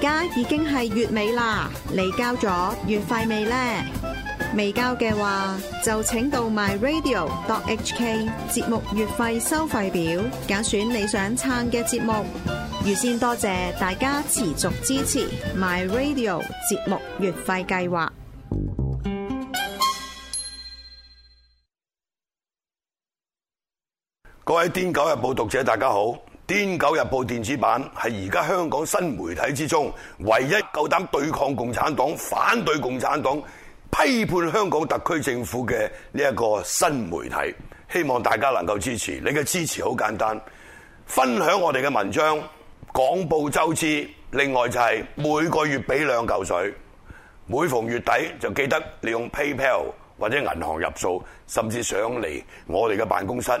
而家已經係月尾啦，你交咗月費未呢？未交嘅話，就請到 myradio.hk 節目月費收費表，揀選你想撐嘅節目。預先多謝大家持續支持 myradio 節目月費計劃。各位《癲狗日報》讀者，大家好。《癲狗日報》電子版係而家香港新媒體之中唯一夠膽對抗共產黨、反對共產黨、批判香港特區政府嘅呢一個新媒體，希望大家能夠支持。你嘅支持好簡單，分享我哋嘅文章，廣佈周知。另外就係每個月俾兩嚿水，每逢月底就記得利用 PayPal 或者銀行入數，甚至上嚟我哋嘅辦公室。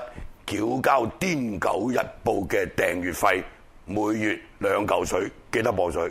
繳交《癲狗日報》嘅訂閱費，每月兩嚿水，記得報水。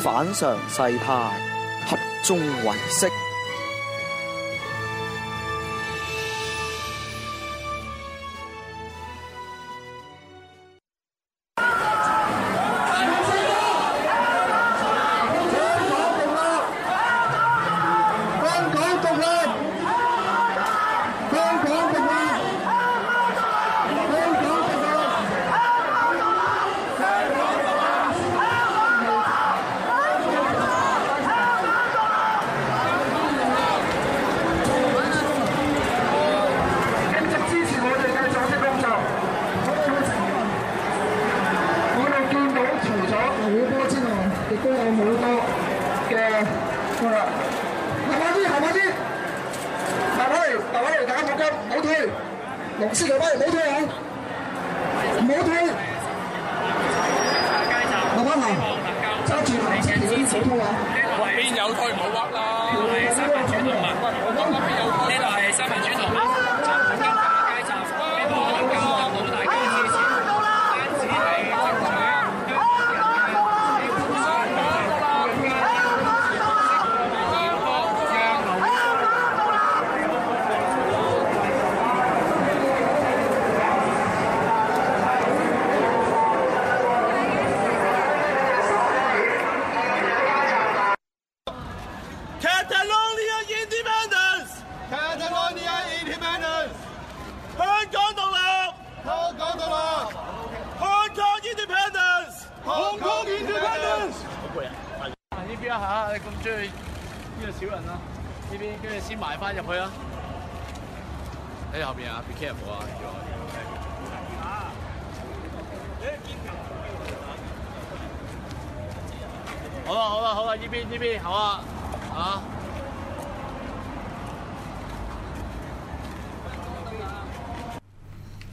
反常世態，合眾唯識。好啊，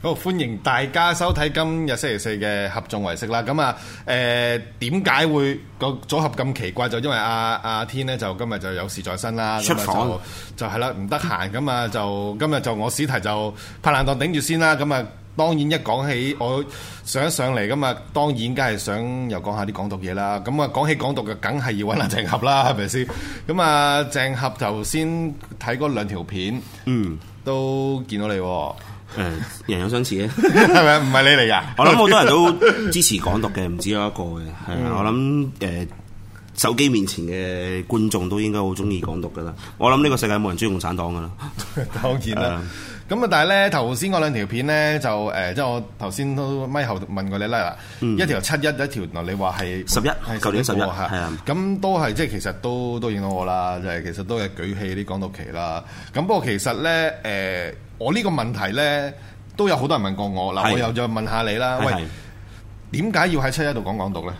好歡迎大家收睇今日星期四嘅合眾唯識啦。咁啊，誒、呃，點解會個組合咁奇怪？就因為阿、啊、阿、啊、天呢，就今日就有事在身啦，咁啊就就係啦，唔得閒，咁啊就今日就我史提就拍爛檔頂住先啦，咁啊。當然一講起我上一上嚟咁啊，當然梗係想又講下啲港獨嘢啦。咁啊講起港獨嘅，梗係要揾阿鄭俠啦，係咪先？咁啊，鄭俠頭先睇嗰兩條片，嗯，都見到你，誒，人有相似嘅，係咪唔係你嚟㗎？我諗好多人都支持港獨嘅，唔止有一個嘅，係、嗯、我諗誒手機面前嘅觀眾都應該好中意港獨噶啦。我諗呢個世界冇人中意共產黨㗎啦，當然啦。 咁啊，但係咧，頭先嗰兩條片咧，就誒、呃，即係我頭先都咪後問過你啦。嗯、一條七一，一條原來，你話係十一，係舊年十一，係啊。咁都係即係其實都都影到我啦，就係、是、其實都係舉起啲港獨旗啦。咁不過其實咧，誒、呃，我呢個問題咧，都有好多人問過我嗱，的我又再問下你啦。的喂，點解的要喺七一度講港獨咧？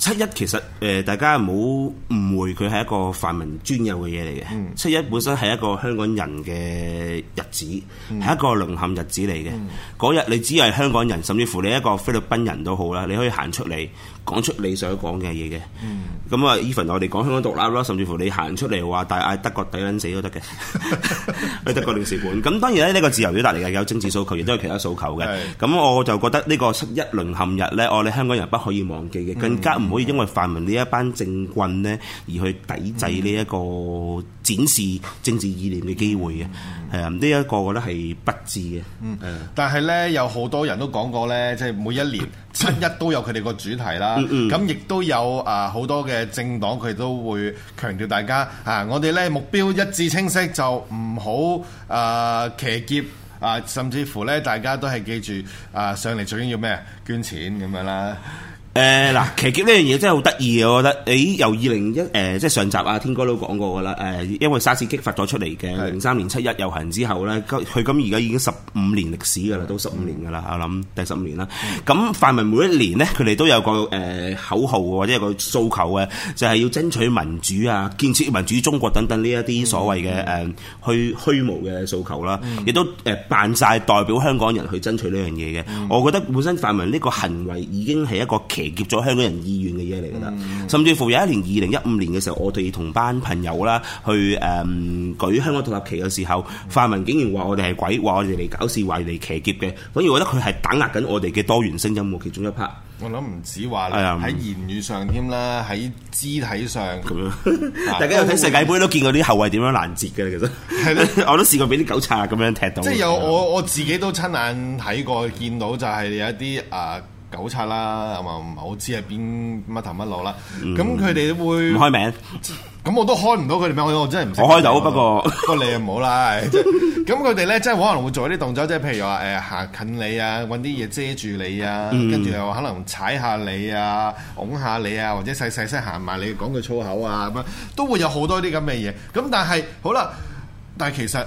七一其實誒，大家唔好誤會佢係一個泛民專有嘅嘢嚟嘅。七一本身係一個香港人嘅日子，係一個淪陷日子嚟嘅。嗰日你只係香港人，甚至乎你一個菲律賓人都好啦，你可以行出嚟講出你想講嘅嘢嘅。咁啊，even 我哋講香港獨立啦，甚至乎你行出嚟話大嗌德國抵撚死都得嘅，去德國領事館。咁當然咧，呢個自由表達嚟嘅，有政治訴求，亦都有其他訴求嘅。咁我就覺得呢個七一淪陷日咧，我哋香港人不可以忘記嘅，更加唔唔可以因為泛民呢一班政棍呢，而去抵制呢一個展示政治意念嘅機會嘅，係啊，呢一個我覺得係不智嘅。嗯，嗯但係呢，有好多人都講過呢，即係每一年 七一都有佢哋個主題啦。咁亦、嗯嗯、都有啊好多嘅政黨佢都會強調大家啊，我哋呢目標一致清晰，就唔好啊騎劫啊，甚至乎呢，大家都係記住啊上嚟最緊要咩捐錢咁樣啦。誒，嗱，其實呢樣嘢真係好得意嘅，我覺得。誒，由二零一誒，即係上集啊，天哥都講過噶啦。誒，因為沙士激發咗出嚟嘅，零三年七一遊行之後咧，佢咁而家已經十五年歷史噶啦，都十五年噶啦，我諗第十五年啦。咁泛民每一年呢，佢哋都有個誒口號或者個訴求啊，就係要爭取民主啊，建設民主中國等等呢一啲所謂嘅誒，去虛無嘅訴求啦。亦都誒扮晒代表香港人去爭取呢樣嘢嘅。我覺得本身泛民呢個行為已經係一個。騎劫咗香港人意願嘅嘢嚟噶啦，嗯、甚至乎有一年二零一五年嘅時候，我哋同班朋友啦，去、嗯、誒舉香港獨立旗嘅時候，泛民竟然話我哋係鬼，話我哋嚟搞事，為嚟騎劫嘅，所以我覺得佢係打壓緊我哋嘅多元聲音嘅其中一 part。我諗唔止話喺、哎、呀言語上添啦，喺肢體上，咁樣大家有睇世界杯都見過啲後衛點樣攔截嘅，其實為我都試過俾啲狗賊咁樣踢到。即係有我、嗯、我自己都親眼睇過，見到就係有一啲誒。啊九七啦，咁啊唔係好知係邊乜頭乜路啦。咁佢哋會唔開名？咁 我都開唔到佢哋名，我我真係唔識。我開到，不過不過你又唔好啦。咁佢哋咧，即係可能會做一啲動作，即係譬如話誒行近你啊，揾啲嘢遮住你啊，跟住、嗯、又可能踩下你啊，拱下你啊，或者細細聲行埋你講句粗口啊，咁樣都會有好多啲咁嘅嘢。咁但係好啦，但係其實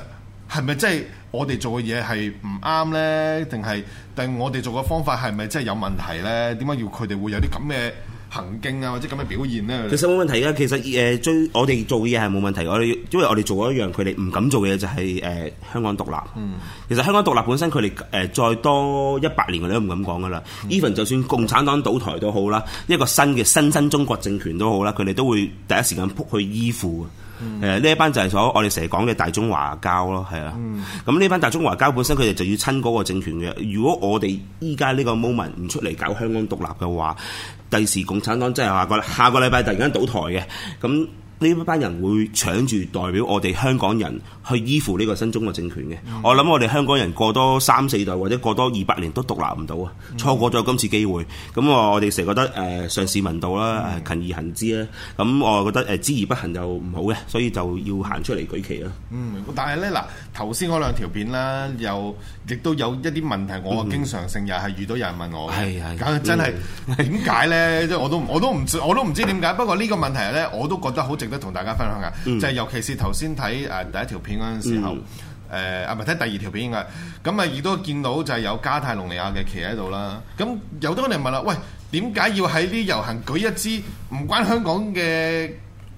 係咪真係？我哋做嘅嘢係唔啱呢？定係定我哋做嘅方法係咪真係有問題呢？點解要佢哋會有啲咁嘅行徑啊，或者咁嘅表現呢？其實冇問題噶，其實誒最、呃、我哋做嘅嘢係冇問題。我哋因為我哋做咗一樣佢哋唔敢做嘅嘢，就係，就係誒香港獨立。嗯、其實香港獨立本身佢哋誒再多一百年佢哋都唔敢講噶啦。Even 就算共產黨倒台都好啦，一個新嘅新新中國政權都好啦，佢哋都會第一時間撲去依附。誒呢 一班就係所我哋成日講嘅大中華膠咯，係啊，咁、嗯、呢、嗯、班大中華膠本身佢哋就要親嗰個政權嘅。如果我哋依家呢個 moment 唔出嚟搞香港獨立嘅話，第時共產黨真係話個下個禮拜突然間倒台嘅，咁。呢一班人會搶住代表我哋香港人去依附呢個新中國政權嘅，嗯、我諗我哋香港人過多三四代或者過多二百年都獨立唔到啊！錯過咗今次機會，咁、嗯、我哋成日覺得誒、呃、上士聞道啦，誒、嗯、勤而行之啦，咁我覺得誒知、呃、而不行就唔好嘅，所以就要行出嚟舉旗啦。嗯，但係咧嗱，頭先嗰兩條片啦，又亦都有一啲問題，我啊經常性又係遇到有人問我，係係、嗯哎呀，咁真係點解咧？即係我都我都唔我都唔知點解。不過呢個問題咧，我都覺得好，值得同大家分享嘅，就係、尤其是頭先睇誒第一條片嗰陣時候，誒啊唔係睇第二條片應該，咁啊亦都見到就係有加泰隆尼亞嘅旗喺度啦。咁有多人問啦，喂，點解要喺呢遊行舉一支唔關香港嘅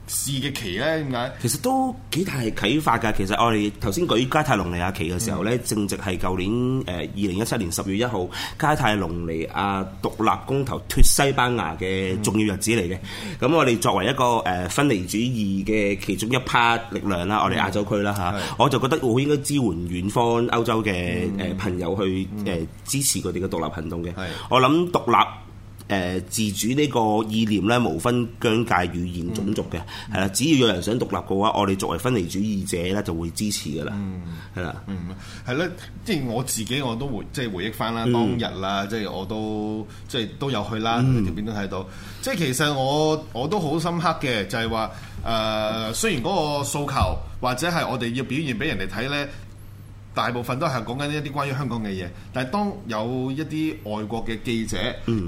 試嘅旗咧，點解？其實都幾大啟發嘅。其實我哋頭先舉加泰隆尼亞旗嘅時候咧，嗯、正值係舊年誒二零一七年十月一號，加泰隆尼亞獨立公投脫西班牙嘅重要日子嚟嘅。咁、嗯、我哋作為一個誒分離主義嘅其中一 part 力量啦，我哋亞洲區啦嚇，嗯、我就覺得我應該支援遠方歐洲嘅誒朋友去誒支持佢哋嘅獨立行動嘅。嗯嗯、我諗獨立。誒自主呢個意念咧，無分疆界、語言、種族嘅，係啦、嗯。只要有人想獨立嘅話，我哋作為分離主義者咧，就會支持㗎喇。嗯，係啦的。嗯，係啦。即係我自己我都回即係回憶返啦，當日啦、嗯，即係我都即係都有去啦。你、嗯、條片都睇到，即係其實我我都好深刻嘅，就係話誒，雖然嗰個訴求或者係我哋要表現俾人哋睇咧。大部分都係講緊一啲關於香港嘅嘢，但係當有一啲外國嘅記者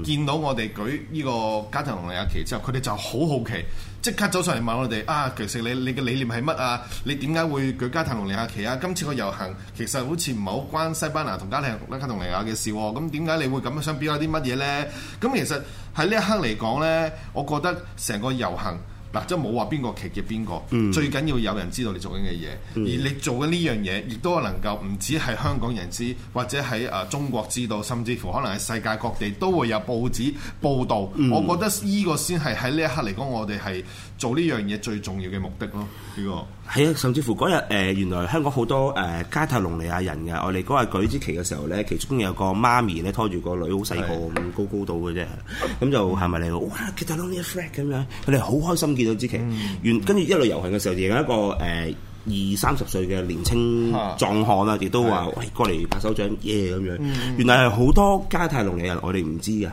見到我哋舉呢個加泰隆尼亞旗之後，佢哋就好好奇，即刻走上嚟問我哋：啊，其實你你嘅理念係乜啊？你點解會舉加泰隆尼亞旗啊？今次個遊行其實好似唔係好關西班牙同加泰隆尼亞嘅事喎、啊，咁點解你會咁樣想表達啲乜嘢呢？」咁其實喺呢一刻嚟講呢，我覺得成個遊行。嗱，即係冇話邊個歧視邊個，誰誰嗯、最緊要有人知道你做緊嘅嘢，嗯、而你做緊呢樣嘢，亦都能夠唔止係香港人知，或者喺誒、呃、中國知道，甚至乎可能喺世界各地都會有報紙報導。嗯、我覺得呢個先係喺呢一刻嚟講，我哋係。做呢樣嘢最重要嘅目的咯，呢個係啊，甚至乎嗰日誒原來香港好多誒、呃、加泰隆尼亞人嘅，我哋嗰日舉支旗嘅時候咧，其中有一個媽咪咧拖住個女好細個咁是的、嗯、高高到嘅啫，咁、嗯、 就係咪嚟咯？哇！加泰隆尼亞 flag 咁樣，佢哋好開心見到支旗，嗯、完跟住一路遊行嘅時候，就有一個誒。呃二三十歲嘅年青壯漢啦，啊、亦都話：是的 喂，過嚟拍手掌耶咁樣。嗯、原來係好多加泰隆嘅人，我哋唔知嘅。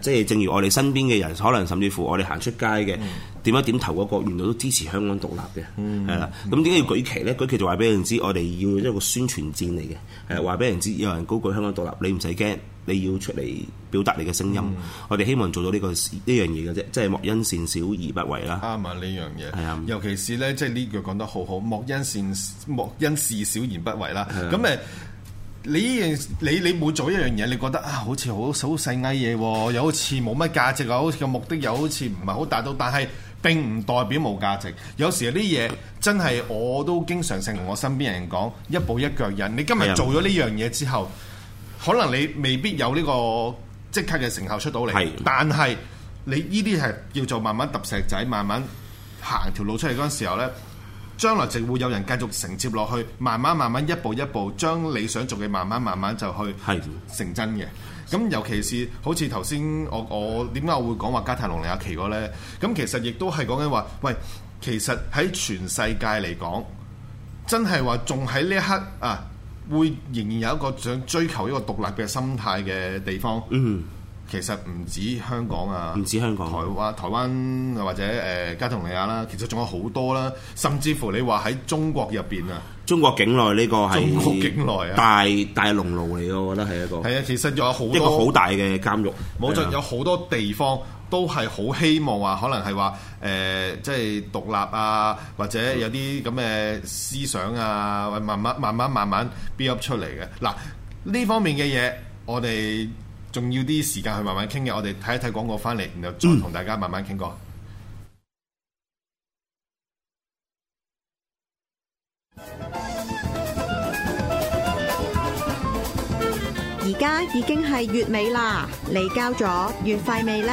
即係、嗯、正如我哋身邊嘅人，可能甚至乎我哋行出街嘅、嗯、點一點頭嗰、那個，原來都支持香港獨立嘅。係啦、嗯，咁點解要舉旗咧？嗯、舉旗就話俾人知，我哋要一個宣傳戰嚟嘅。誒，話俾人知，有人高舉香港獨立，你唔使驚。你要出嚟表達你嘅聲音，嗯、我哋希望做到呢、呢個呢樣嘢嘅啫，即係莫因善小而不為啦。啱啊，呢樣嘢係啊，尤其是咧，即係呢句講得好好，莫因善莫因事小而不為啦。咁誒的，你依樣你你每做一樣嘢，你覺得啊，好似好好細嘅嘢，又好似冇乜價值啊，好似個目的又好似唔係好大到，但係並唔代表冇價值。有時候啲嘢真係我都經常性同我身邊人講，一步一腳印。你今日做咗呢樣嘢之後，可能你未必有呢個即刻嘅成效出到嚟，的但係你呢啲係叫做慢慢揼石仔，慢慢行條路出嚟嗰陣時候呢，將來就會有人繼續承接落去，慢慢慢慢一步一步將你想做嘅慢慢慢慢就去成真嘅。咁的尤其是，是的好似頭先我我點解我會講話加泰隆尼亞奇嗰咧？咁其實亦都係講緊話，喂，其實喺全世界嚟講，真係話仲喺呢一刻啊，會仍然有一個想追求一個獨立嘅心態嘅地方，嗯、其實唔止香港啊，唔止香港、啊，台灣、台灣、啊、或者誒、呃、加泰羅尼亞啦、啊，其實仲有好多啦、啊，甚至乎你話喺中國入邊啊，中國境內呢個係中國境內、啊、大大龍路嚟咯，我覺得係一個係啊，其實仲有好多一個好大嘅監獄，冇錯，是的 有好多地方。都係好希望話，可能係話誒，即係獨立啊，或者有啲咁嘅思想啊，慢慢慢慢慢慢 build up 出嚟嘅。嗱，呢方面嘅嘢，我哋仲要啲時間去慢慢傾嘅。我哋睇一睇廣告翻嚟，然後再同大家慢慢傾過、嗯。而家已經係月尾啦，你交咗月費未呢？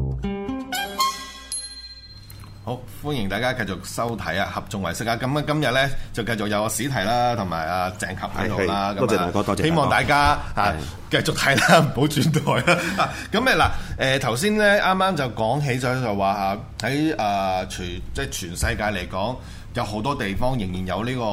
好，歡迎大家繼續收睇啊，合眾唯識啊！咁啊，今日呢，就繼續有史提啦，同埋阿鄭俠喺度啦。多謝林哥，多謝。希望大家大啊繼續睇啦，唔 轉台、 啊呃、好轉台啦。咁誒嗱，誒頭先呢啱啱就講起咗就話喺誒全即係全世界嚟講，有好多地方仍然有呢個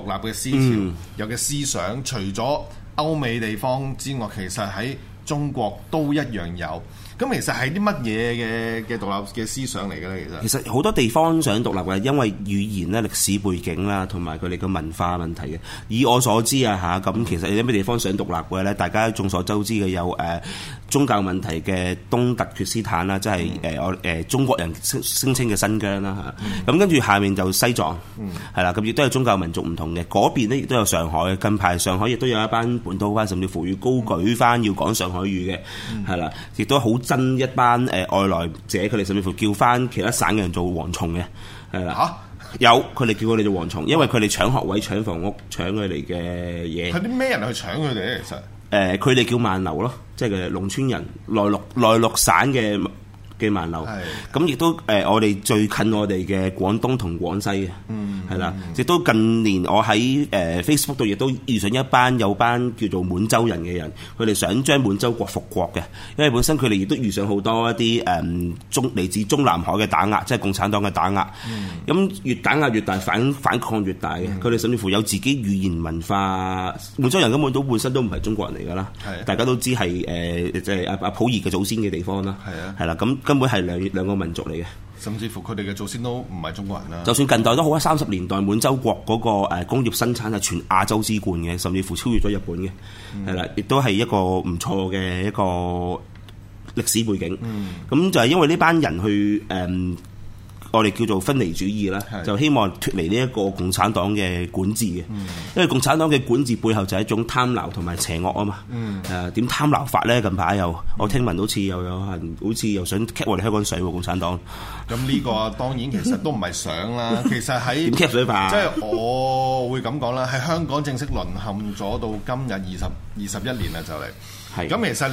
獨立嘅思潮，嗯、有嘅思想。除咗歐美地方之外，其實喺中國都一樣有。咁其實係啲乜嘢嘅嘅獨立嘅思想嚟嘅咧？其實其實好多地方想獨立嘅，因為語言咧、歷史背景啦，同埋佢哋嘅文化問題嘅。以我所知啊，嚇咁其實有咩地方想獨立嘅咧？大家眾所周知嘅有誒、呃、宗教問題嘅東特厥斯坦啦，即係誒我誒中國人聲聲稱嘅新疆啦嚇。咁跟住下面就西藏，係啦，咁亦都有宗教民族唔同嘅。嗰邊咧亦都有上海，近排上海亦都有一班本土化，甚至乎要高舉翻要講上海語嘅，係啦、嗯，亦都好。真一班誒、呃、外來者，佢哋甚至乎叫翻其他省嘅人做蝗蟲嘅，係啦。嚇、啊，有佢哋叫佢哋做蝗蟲，因為佢哋搶學位、搶房屋、搶佢哋嘅嘢。係啲咩人去搶佢哋咧？其實誒，佢哋叫盲流咯，即係農村人、內陸內陸，內陸省嘅。幾萬樓，咁亦都誒，我哋最近我哋嘅廣東同廣西嘅，係啦，亦都近年我喺誒 Facebook 度亦都遇上一班有班叫做滿洲人嘅人，佢哋想將滿洲國復國嘅，因為本身佢哋亦都遇上好多一啲誒中嚟自中南海嘅打壓，即係共產黨嘅打壓。咁越打壓越大，反反抗越大嘅，佢哋甚至乎有自己語言文化。滿洲人根本都本身都唔係中國人嚟㗎啦，大家都知係誒即係阿阿溥儀嘅祖先嘅地方啦，係啦，咁。根本係兩兩個民族嚟嘅，甚至乎佢哋嘅祖先都唔係中國人啦。就算近代都好啊，三十年代滿洲國嗰個、呃、工業生產係全亞洲之冠嘅，甚至乎超越咗日本嘅，係啦、嗯，亦都係一個唔錯嘅一個歷史背景。咁、嗯、就係因為呢班人去誒。呃我哋叫做分離主義啦，就希望脫離呢一個共產黨嘅管治嘅，因為共產黨嘅管治背後就係一種貪婪同埋邪惡啊嘛。誒點貪婪法咧？近排又我聽聞好似又有係，好似又想踢我哋香港水共產黨。咁呢個當然其實都唔係想啦。其實喺點踢水法？即係我會咁講啦。喺香港正式淪陷咗到今日二十二十一年啦，就嚟。係咁，其實。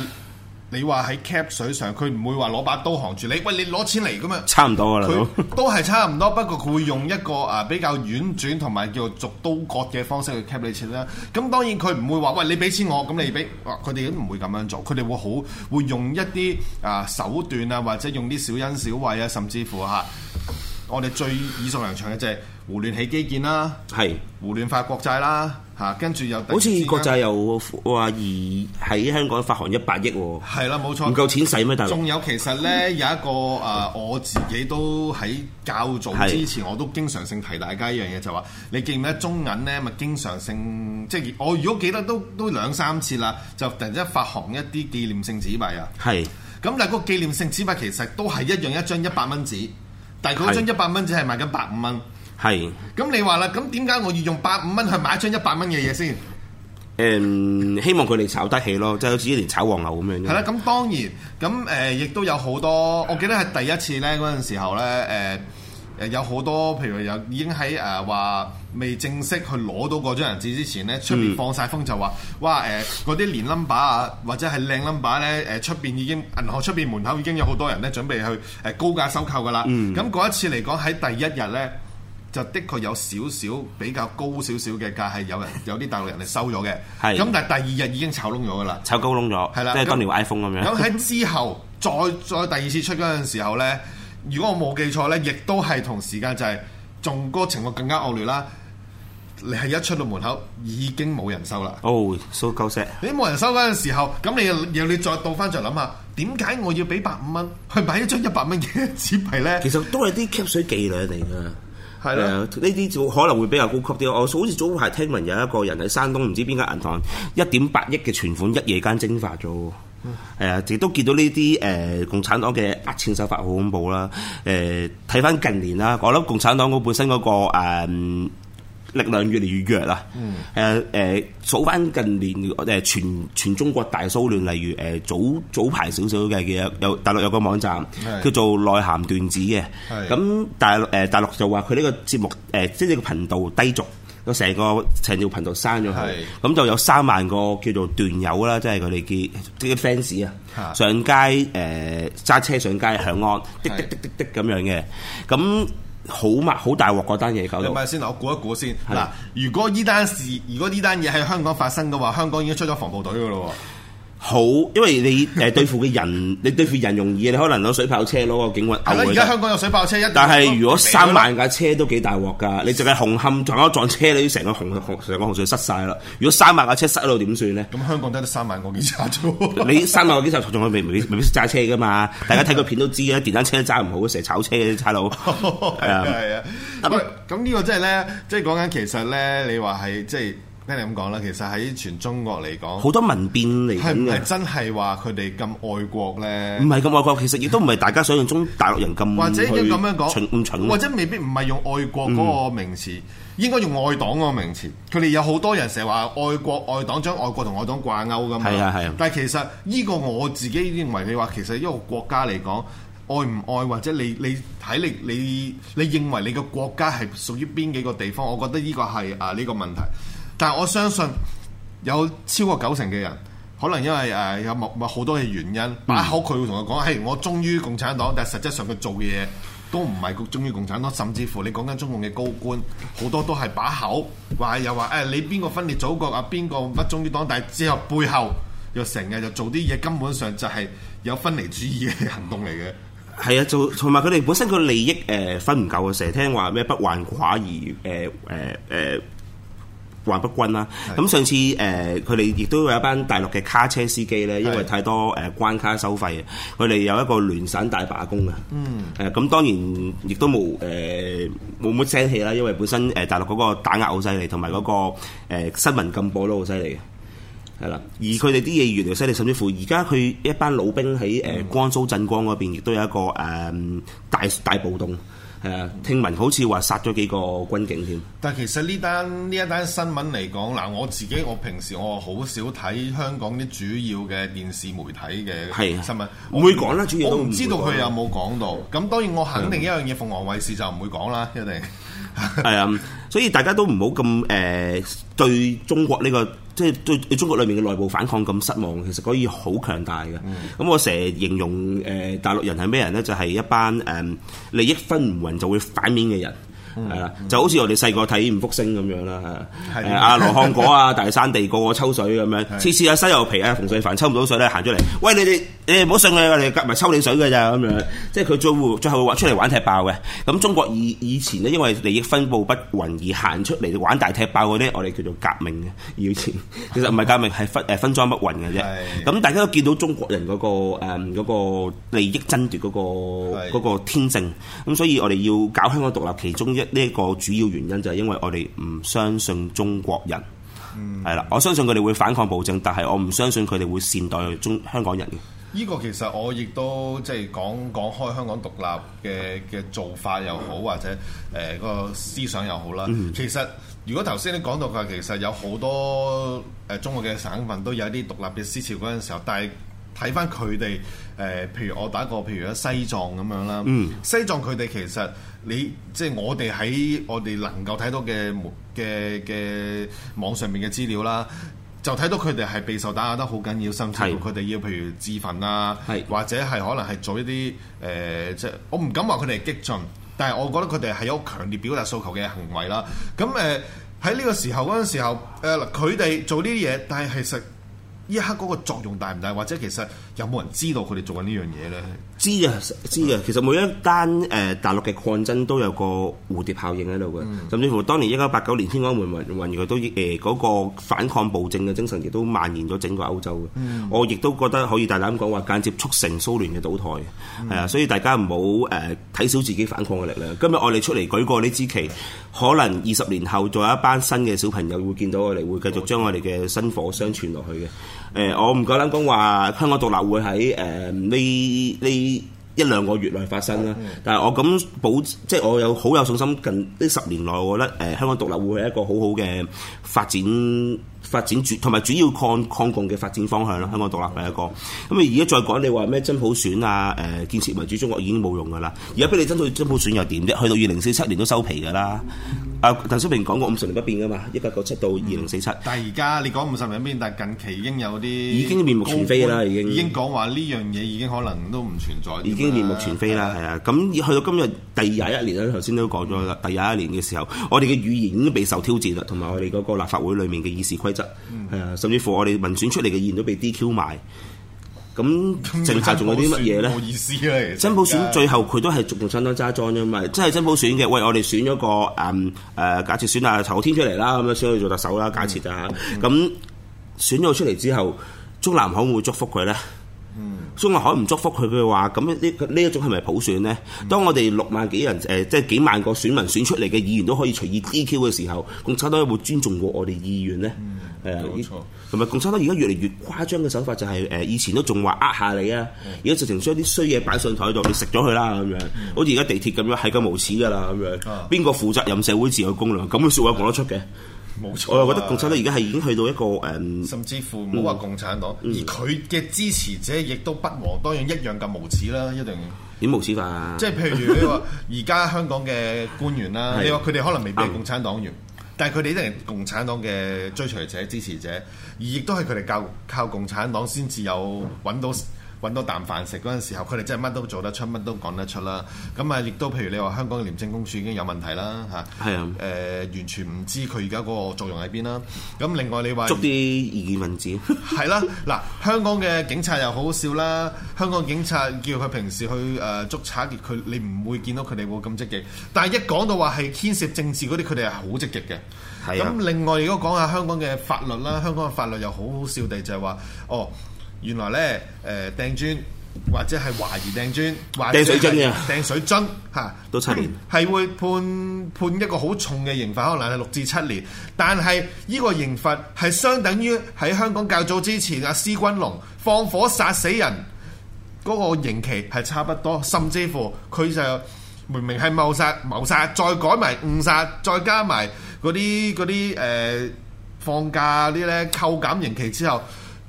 你話喺 cap 水上，佢唔會話攞把刀行住你。喂，你攞錢嚟咁樣，差唔多啦。佢都係差唔多， 不過佢會用一個啊比較婉轉同埋叫做逐刀割嘅方式去 cap 你錢啦。咁當然佢唔會話喂，你俾錢我，咁你俾，佢哋都唔會咁樣做。佢哋會好會用一啲啊手段啊，或者用啲小恩小惠啊，甚至乎嚇。我哋最耳熟能詳嘅就係胡亂起基建啦，係是胡亂發國債啦，嚇跟住又好似國債又話而喺香港發行一百億喎，係啦冇錯，唔夠錢使咩？但仲有其實呢，有一個誒、呃，我自己都喺較早之前的我都經常性提大家一樣嘢，就話你記唔記得中銀呢？咪經常性即係我如果記得都都兩三次啦，就突然之間發行一啲紀念性紙幣啊，係咁的但係個紀念性紙幣其實都係一樣一張一百蚊紙。但嗰張一百蚊只係賣緊百五蚊，係咁你話啦，咁點解我要用百五蚊去買一張一百蚊嘅嘢先？誒、嗯，希望佢哋炒得起咯，即係好似連炒黃牛咁樣。係啦，咁當然咁誒、呃，亦都有好多。我記得係第一次咧嗰陣時候咧誒。呃誒有好多，譬如有已經喺誒話未正式去攞到嗰張銀紙之前呢，出邊放晒風就話，哇！誒嗰啲連 number 啊，或者係靚 number 咧，誒出邊已經銀行出邊門口已經有好多人咧，準備去誒高價收購噶啦。咁嗰、嗯、一次嚟講，喺第一日呢，就的確有少少比較高少少嘅價，係有人有啲大陸人嚟收咗嘅。咁是但係第二日已經炒燶咗噶啦，炒高燶咗，即係今年 iPhone 咁樣。咁喺之後再再，再第二次出嗰陣時候呢。如果我冇記錯咧，亦都係同時間就係仲嗰個情況更加惡劣啦。你係一出到門口已經冇人收啦。哦，收舊石。你冇人收返嘅時候，咁你又又你再倒翻再諗下，點解我要俾百五蚊去買一張一百蚊嘅紙幣咧？其實都係啲吸水伎倆嚟㗎。係啦的，呢啲、呃、就可能會比較高級啲。我好似早排聽聞有一個人喺山東唔知邊間銀行，一點八億嘅存款一夜間蒸發咗。係啊，亦都見到呢啲誒共產黨嘅呃錢手法好恐怖啦。誒、嗯，睇翻、呃、近年啦，我諗共產黨本身嗰、嗰個、嗯、力量越嚟越弱啦。誒誒、嗯呃，數翻近年誒全全中國大騷亂，例如誒早早排少少嘅，有有大陸有個網站是叫做內涵段子嘅。咁是大陸、呃、大陸就話佢呢個節目誒即係個頻道低俗。有成個成條頻道刪咗佢，咁是的 就有三萬個叫做段友啦、就是，即係佢哋嘅啲 fans 啊，是的 上街誒揸、呃、車上街響安，滴滴滴滴滴咁樣嘅，咁好嘛好大鑊嗰單嘢搞到。唔係先我估一估先嗱，是的 如果呢單事，如果呢單嘢喺香港發生嘅話，香港已經出咗防暴隊嘅咯喎。好，因為你誒對付嘅人，你對付人容易，你可能攞水炮車，攞個警棍。而家香港有水炮車，一但係如果三萬架車都幾大鑊㗎，你淨係紅磡撞一撞車，你成個紅紅成個紅隧塞晒啦。如果三萬架車塞到度點算咧？咁香港得得三萬個警察啫喎！你三萬個警察仲係未必未必識揸車㗎嘛？大家睇個片都知啊，電單車揸唔好，成日炒車啲差佬。係啊，咁呢個真係咧，即係講緊其實咧，你話係即係。聽你咁講啦，其實喺全中國嚟講，好多民變嚟嘅，係唔係真係話佢哋咁愛國咧？唔係咁愛國，其實亦都唔係大家想象中大陸人咁或者咁樣講咁蠢，或者未必唔係用愛國嗰個名詞，應該用愛黨嗰個名詞。佢哋有好多人成日話愛國愛黨，將愛國同愛黨掛鈎咁。係啊係啊，但係其實呢個我自己認為，你話其實一個國家嚟講，愛唔愛或者你你睇你你你認為你個國家係屬於邊幾個地方？我覺得呢個係啊呢個問題。但係我相信有超過九成嘅人，可能因為誒、呃、有冇好多嘅原因、嗯、把口，佢會同我講，係我忠於共產黨，但係實際上佢做嘢都唔係忠於共產黨。甚至乎你講緊中共嘅高官，好多都係把口，話又話誒、哎、你邊個分裂祖國啊，邊個乜忠於黨，但係之後背後又成日就做啲嘢，根本上就係有分離主義嘅行動嚟嘅。係啊，做同埋佢哋本身個利益誒、呃、分唔夠啊，成日聽話咩不患寡而誒誒誒。呃呃呃呃還不均啦，咁上次誒佢哋亦都有一班大陸嘅卡車司機咧，因為太多誒、呃、關卡收費，佢哋有一個聯省大罷工嘅，誒咁、嗯呃、當然亦都冇誒冇乜聲氣啦，因為本身誒大陸嗰個打壓好犀利，同埋嗰個、呃、新聞禁播都好犀利嘅，係啦，而佢哋啲嘢越嚟越犀利，甚至乎而家佢一班老兵喺誒江蘇鎮江嗰邊亦都有一個誒、呃、大大暴動。誒，聽聞好似話殺咗幾個軍警添。但係其實呢單呢一單新聞嚟講，嗱，我自己我平時我好少睇香港啲主要嘅電視媒體嘅新聞，唔的不會講啦。主要，我唔不義知道佢有冇講到。咁了當然我肯定一樣嘢，鳳的凰衛視就唔會講啦，一定。係 啊，所以大家都唔好咁誒，對中國呢、這個。即係對對中國裏面嘅內部反抗咁失望，其實可以好強大嘅。咁、嗯、我成日形容誒大陸人係咩人咧？就係、是、一班誒、嗯、利益分唔勻就會反面嘅人。係啦，嗯、 就好似我哋細個睇五福星咁樣啦，係阿羅漢果啊，大山地個個抽水咁樣，次次啊犀牛皮啊馮淬帆抽唔到水咧、啊、行出嚟，喂，你哋你哋唔好上我，我哋夾埋抽你水噶咋咁樣，即係佢最後最後出嚟玩踢爆嘅。咁中國以以前呢，因為利益分佈不均而行出嚟玩大踢爆嗰啲，我哋叫做革命嘅以前。其實唔係革命，係分誒分贓不均嘅啫。咁 是、嗯、大家都見到中國人嗰、嗰個、誒、嗯嗰個利益爭奪嗰、嗰個、嗰個天性。咁所以我哋要搞香港獨立，其中一呢個主要原因就係因為我哋唔相信中國人，係啦、嗯，我相信佢哋會反抗暴政，但係我唔相信佢哋會善待中香港人。呢個其實我亦都即係講講開香港獨立嘅嘅做法又好，或者誒、呃嗰個思想又好啦。嗯、其實如果頭先你講到話，其實有好多誒、呃、中國嘅省份都有啲獨立嘅思潮嗰陣時候，但係。睇翻佢哋誒，譬如我打過譬如喺西藏咁樣啦，嗯、西藏佢哋其實你即係、就是、我哋喺我哋能夠睇到嘅嘅嘅網上面嘅資料啦，就睇到佢哋係備受打壓得好緊要，甚至乎佢哋要譬如自焚啊，是 或者係可能係做一啲誒，即、呃、係、就是、我唔敢話佢哋係激進，但係我覺得佢哋係有強烈表達訴求嘅行為啦。咁誒喺呢個時候嗰陣時候誒，嗱佢哋做呢啲嘢，但係其實，一刻嗰個作用大唔大，或者其實有冇人知道佢哋做緊呢樣嘢呢？知啊，知嘅。其實每一單誒大陸嘅抗爭都有個蝴蝶效應喺度嘅，嗯、甚至乎當年一九八九年天安門運運佢都誒嗰、呃嗰個反抗暴政嘅精神亦都蔓延咗整個歐洲嘅。嗯、我亦都覺得可以大膽講話，間接促成蘇聯嘅倒台嘅，係啊、嗯！所以大家唔好誒睇小自己反抗嘅力量。今日我哋出嚟舉過呢支旗，可能二十年後仲有一班新嘅小朋友會見到我哋，會繼續將我哋嘅薪火相傳落去嘅。誒、呃，我唔夠膽講話香港獨立會喺誒呢呢一,一兩個月內發生啦。嗯、但係我咁保，即係我有好有信心。近呢十年來，我覺得誒、呃、香港獨立會係一個好好嘅發展發展主，同埋主要抗抗共嘅發展方向啦。香港獨立第一個。咁啊，而家再講你話咩真普選啊？誒、呃，建設民主中國已經冇用㗎啦。而家俾你真普真普選又點啫？去到二零四七年都收皮㗎啦。嗯啊！鄧小平講過五十年不變噶嘛，一九九七到二零四七。但係而家你講五十年不變，但係近期已經有啲已經面目全非啦，已經已經講話呢樣嘢已經可能都唔存在，已經面目全非啦。係啊的，咁去到今日第廿一年啦，頭先都講咗啦，嗯、第廿一年嘅時候，我哋嘅語言已經備受挑戰啦，同埋我哋嗰個立法會裡面嘅議事規則，誒、嗯，甚至乎我哋民選出嚟嘅議員都被 DQ 埋。咁，剩下仲有啲乜嘢咧？真普選最後佢都係逐用撐多揸莊啫嘛，即係真普選嘅。喂，我哋選咗個誒誒、嗯呃，假設選啊陳浩天出嚟啦，咁樣選佢做特首啦，假設、嗯、啊咁、嗯、選咗出嚟之後，中南可唔會，會祝福佢咧？所以我可唔祝福佢嘅話，咁呢呢一種係咪普選呢？當我哋六萬幾人誒、呃，即係幾萬個選民選出嚟嘅議員都可以隨意 DQ 嘅時候，共產黨有冇尊重過我哋議員呢？係、呃、啊，冇錯。同埋、嗯、共產黨而家越嚟越誇張嘅手法就係、是、誒、呃，以前都仲話呃下你啊，而家直情將啲衰嘢擺上台度，嗯、你食咗佢啦咁樣。好似而家地鐵咁樣，係咁無恥噶啦咁樣。邊個、啊、負責任社會自有公論？咁嘅説話講得出嘅。冇錯啊、我又覺得共產黨而家係已經去到一個誒，uh, 甚至乎唔好話共產黨，嗯、而佢嘅支持者亦都不和當然一樣咁無恥啦，一定。點無恥法？即係譬如你話而家香港嘅官員啦， 你話佢哋可能未必係共產黨員，是但係佢哋一定係共產黨嘅追隨者、支持者，而亦都係佢哋靠靠共產黨先至有揾到。揾到啖飯食嗰陣時候，佢哋真係乜都做得出，乜都講得出啦。咁啊，亦都譬如你話香港嘅廉政公署已經有問題啦，嚇的。係啊。誒，完全唔知佢而家個作用喺邊啦。咁另外你話捉啲異見分子，係啦。嗱，香港嘅警察又好笑啦。香港警察叫佢平時去誒捉賊，佢你唔會見到佢哋會咁積極。但係一講到話係牽涉政治嗰啲，佢哋係好積極嘅。咁的另外如果講下香港嘅法律啦，嗯、香港嘅法律又好好笑地就係、是、話，哦。原來呢，誒、呃、掟磚或者係懷疑掟磚，掟水樽啊，掟水樽嚇，都七年，係會判判一個好重嘅刑罰，可能係六至七年。但係呢個刑罰係相等於喺香港較早之前阿施君龍放火殺死人嗰個刑期係差唔多，甚至乎佢就明明係謀殺、謀殺，再改埋誤殺，再加埋嗰啲啲誒放假啲呢扣減刑期之後。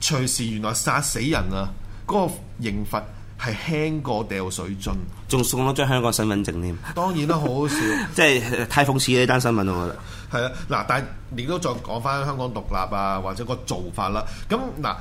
隨時原來殺死人啊！嗰個刑罰係輕過掉水樽，仲送咗張香港身份證添。當然啦，好 好笑，即係太諷刺呢單新聞，我覺得係啊。嗱，但係亦都再講翻香港獨立啊，或者個做法啦。咁嗱。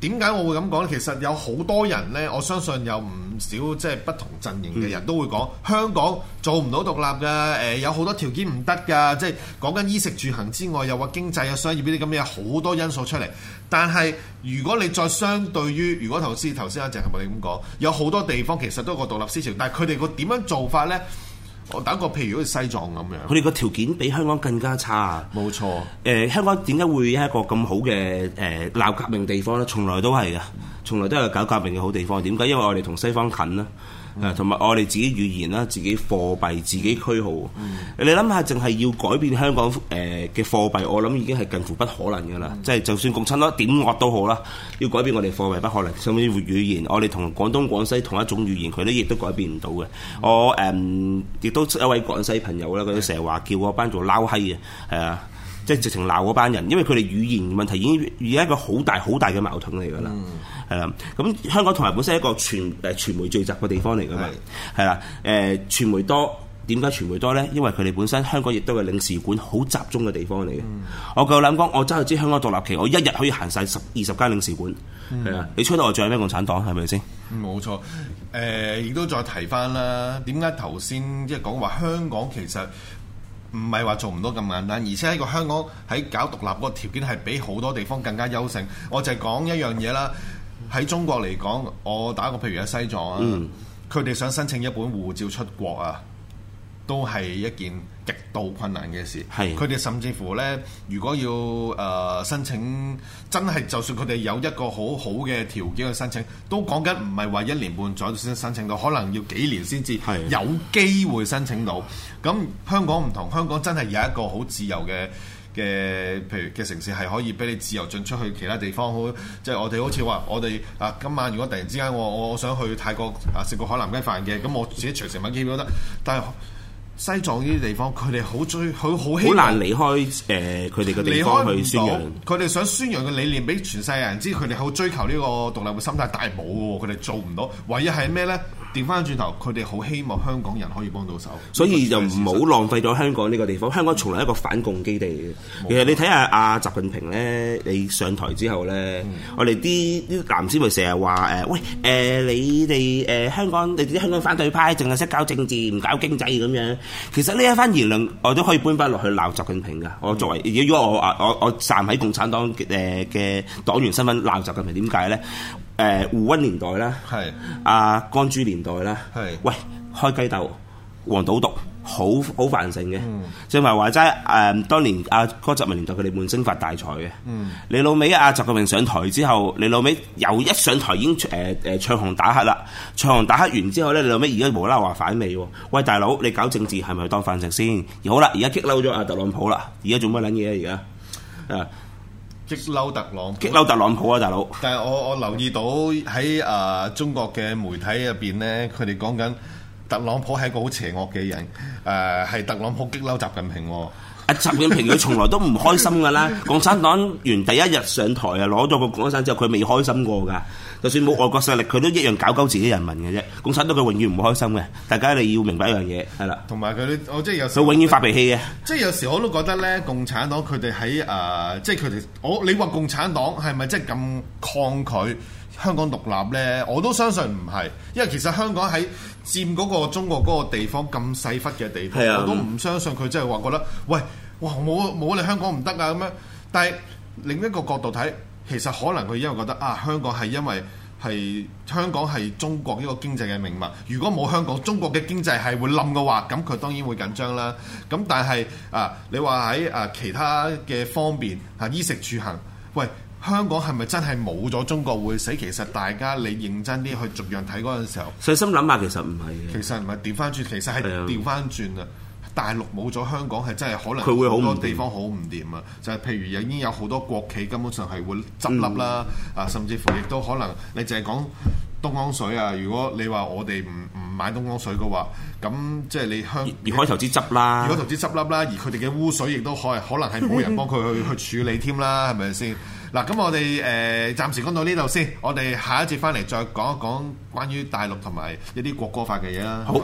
點解我會咁講咧？其實有好多人呢，我相信有唔少即係不同陣營嘅人都會講，香港做唔到獨立嘅，誒、呃、有好多條件唔得㗎，即係講緊衣食住行之外，又話經濟啊、商業呢啲咁嘅好多因素出嚟。但係如果你再相對於，如果頭先頭先阿鄭學你咁講，有好多地方其實都個獨立思潮，但係佢哋個點樣做法呢？我打個，譬如好似西藏咁樣，佢哋個條件比香港更加差啊沒錯、呃！冇錯，誒香港點解會有一個咁好嘅誒鬧革命地方咧？從來都係嘅，從來都係搞革命嘅好地方。點解？因為我哋同西方近啦。誒，同埋我哋自己語言啦，自己貨幣，自己區號。嗯、你諗下，淨係要改變香港誒嘅、呃、貨幣，我諗已經係近乎不可能㗎啦。即係、嗯、就，就算共產啦，點惡都好啦，要改變我哋貨幣不可能。甚至乎語言，我哋同廣東廣西同一種語言，佢都亦都改變唔到嘅。嗯、我誒、呃、亦都有一位廣西朋友咧，佢都成日話叫我班做撈閪嘅，係啊。即係直情鬧嗰班人，因為佢哋語言問題已經已經一個好大好大嘅矛盾嚟㗎啦，係啦、嗯。咁香港同埋本身係一個傳誒傳媒聚集嘅地方嚟㗎嘛，係啦是的。誒、呃、傳媒多，點解傳媒多咧？因為佢哋本身香港亦都係領事館好集中嘅地方嚟嘅、嗯。我夠膽講，我真係知香港獨立期，我一日可以行晒十二十間領事館，係啊、嗯。你吹到我仲有咩共產黨，係咪先？冇、嗯、錯，誒、呃、亦都再提翻啦。點解頭先即係講話香港其實？唔係話做唔到咁簡單，而且喺個香港喺搞獨立嗰個條件係比好多地方更加優勝。我就係講一樣嘢啦，喺中國嚟講，我打個譬如喺西藏啊，佢哋、嗯、想申請一本護照出國啊。都係一件極度困難嘅事。係，佢哋甚至乎呢，如果要誒、呃、申請，真係就算佢哋有一個好好嘅條件去申請，都講緊唔係話一年半載先申請到，可能要幾年先至有機會申請到。咁係，香港唔同，香港真係有一個好自由嘅嘅，譬如嘅城市係可以俾你自由進出去其他地方。好，即係我哋好似話，我哋啊今晚如果突然之間我我想去泰國啊食個海南雞飯嘅，咁我自己隨時揾機都得，但係。但西藏呢啲地方，佢哋好追，佢好希，好難離開誒佢哋嘅地方去宣揚。佢哋想宣揚嘅理念俾全世界人知，佢哋好追求呢個獨立嘅心態，大冇嘅喎，佢哋做唔到。唯一係咩咧？調翻轉頭，佢哋好希望香港人可以幫到手，所以就唔好浪費咗香港呢個地方。香港從來一個反共基地嘅。嗯、其實你睇下阿習近平咧，你上台之後咧，嗯、我哋啲啲藍絲咪成日話誒，喂誒、呃，你哋誒、呃、香港，你哋啲香港反對派淨係識搞政治，唔搞經濟咁樣。其實呢一番言論，我都可以搬翻落去鬧習近平㗎。我作為如果我話我我站喺共產黨誒嘅、呃、黨員身份鬧習近平，點解咧？誒、呃、胡溫年代啦，係阿是、呃、江珠年代啦，係是喂開雞竇，黃賭毒，好好繁盛嘅。正係、嗯、話齋誒、呃，當年阿江澤民年代佢哋悶聲發大財嘅。你、嗯、老尾阿、啊、習近平上台之後，你老尾又一上台已經誒誒、呃呃呃、唱紅打黑啦，唱紅打黑完之後咧，你老尾而家無啦啦話反味喎、啊。喂大佬，你搞政治係咪當飯食先？而好啦，而家激嬲咗阿特朗普啦，而家做乜撚嘢啊而家啊？激嬲特朗普，激嬲特朗普啊，大佬！但係我我留意到喺誒中國嘅媒體入邊咧，佢哋講緊特朗普係一個好邪惡嘅人，誒係特朗普激嬲習近平喎。啊，習近平佢從來都唔開心㗎啦，共產黨員第一日上台啊，攞咗個江山之後，佢未開心過㗎。就算冇外國勢力，佢都一樣搞鳩自己人民嘅啫。共產黨佢永遠唔會開心嘅。大家你要明白一樣嘢，係啦。同埋佢，我即係有時永遠發脾氣嘅。即係有時我都覺得咧，共產黨佢哋喺誒，即係佢哋，我你話共產黨係咪真係咁抗拒香港獨立咧？我都相信唔係，因為其實香港喺佔嗰個中國嗰個地方咁細忽嘅地方，的我都唔相信佢真係話覺得，喂，哇，冇冇你香港唔得啊咁樣。但係另一個角度睇。其實可能佢因為覺得啊，香港係因為係香港係中國一個經濟嘅命脈。如果冇香港，中國嘅經濟係會冧嘅話，咁佢當然會緊張啦。咁但係啊，你話喺啊其他嘅方面啊，衣食住行，喂，香港係咪真係冇咗中國會死？其實大家你認真啲去逐樣睇嗰陣時候，細心諗下，其實唔係，其實唔係，調翻轉，其實係調翻轉啦。的大陸冇咗香港係真係可能佢會好多地方好唔掂啊！就係譬如已經有好多國企根本上係會執笠啦，嗯、啊甚至乎亦都可能你淨係講東江水啊！如果你話我哋唔唔買東江水嘅話，咁即係你香可以投資執啦，如果投資執笠啦，而佢哋嘅污水亦都可可能係冇人幫佢去 去處理添啦，係咪先？嗱、呃，咁我哋誒暫時講到呢度先，我哋下一節翻嚟再講一講關於大陸同埋一啲國歌法嘅嘢啦。好，好。